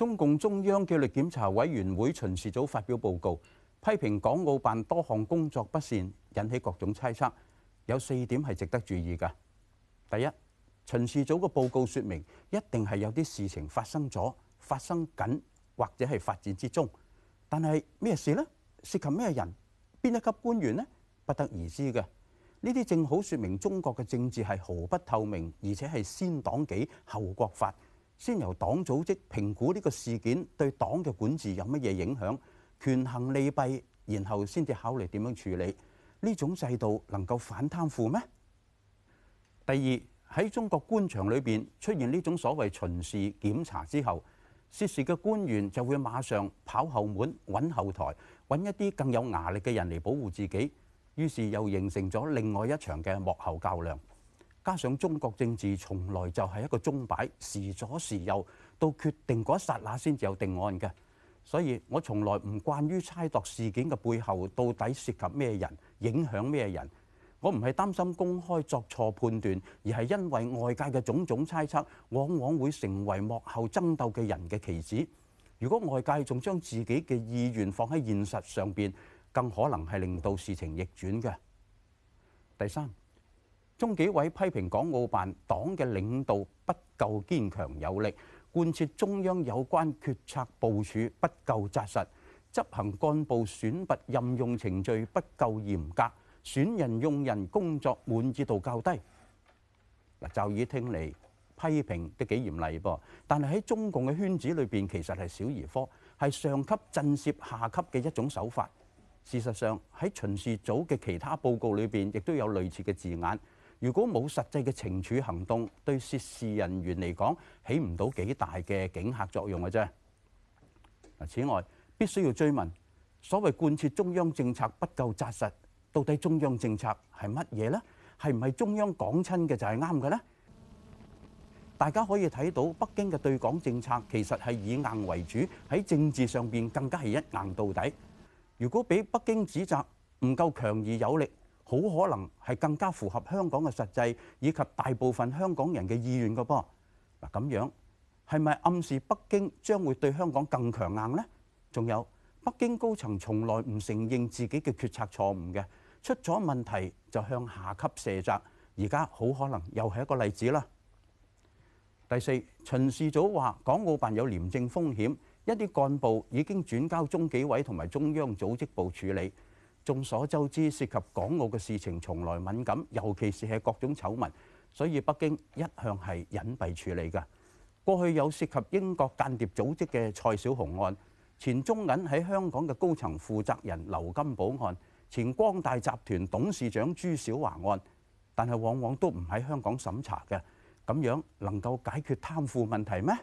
中共中央紀律檢查委員會巡視組發表報告，批評港澳辦多項工作不善，引起各種猜測。有四點係值得注意噶。第一，巡視組嘅報告說明，一定係有啲事情發生咗，發生緊或者係發展之中。但係咩事呢？涉及咩人？邊一級官員呢？不得而知嘅。呢啲正好說明中國嘅政治係毫不透明，而且係先黨紀後國法。先由黨組織評估呢個事件對黨嘅管治有乜嘢影響，權衡利弊，然後先至考慮點樣處理。呢種制度能夠反貪腐咩？第二，喺中國官場裏面出現呢種所謂巡視檢查之後，涉事嘅官員就會馬上跑後門、揾後台、揾一啲更有牙力嘅人嚟保護自己，於是又形成咗另外一場嘅幕後較量。加上中國政治從來就係一個鐘擺，時左時右，到決定嗰一剎那先至有定案嘅。所以我從來唔慣於猜度事件嘅背後到底涉及咩人，影響咩人。我唔係擔心公開作錯判斷，而係因為外界嘅種種猜測，往往會成為幕後爭鬥嘅人嘅棋子。如果外界仲將自己嘅意願放喺現實上邊，更可能係令到事情逆轉嘅。第三。中紀委批評港澳辦黨嘅領導不夠堅強有力，貫徹中央有關決策部署不夠紮實，執行幹部選拔任用程序不夠嚴格，選人用人工作滿意度較低。如果冇實際嘅懲處行動，對涉事人員嚟講，起唔到幾大嘅警嚇作用嘅啫。嗱，此外必須要追問，所謂貫徹中央政策不夠紮實，到底中央政策係乜嘢呢？係唔係中央講親嘅就係啱嘅呢？大家可以睇到北京嘅對港政策其實係以硬為主，喺政治上邊更加係一硬到底。如果俾北京指責唔夠強而有力，好可能係更加符合香港嘅實際以及大部分香港人嘅意願嘅噃。嗱，咁樣係咪暗示北京將會對香港更強硬呢？仲有北京高層從來唔承認自己嘅決策錯誤嘅，出咗問題就向下級卸責。而家好可能又係一個例子啦。第四，巡視組話港澳辦有廉政風險，一啲幹部已經轉交中紀委同埋中央組織部處理。眾所周知，涉及港澳嘅事情從來敏感，尤其是係各種醜聞，所以北京一向係隱蔽處理嘅。過去有涉及英國間諜組織嘅蔡小紅案，前中銀喺香港嘅高層負責人劉金寶案，前光大集團董事長朱小華案，但係往往都唔喺香港審查嘅。咁樣能夠解決貪腐問題咩？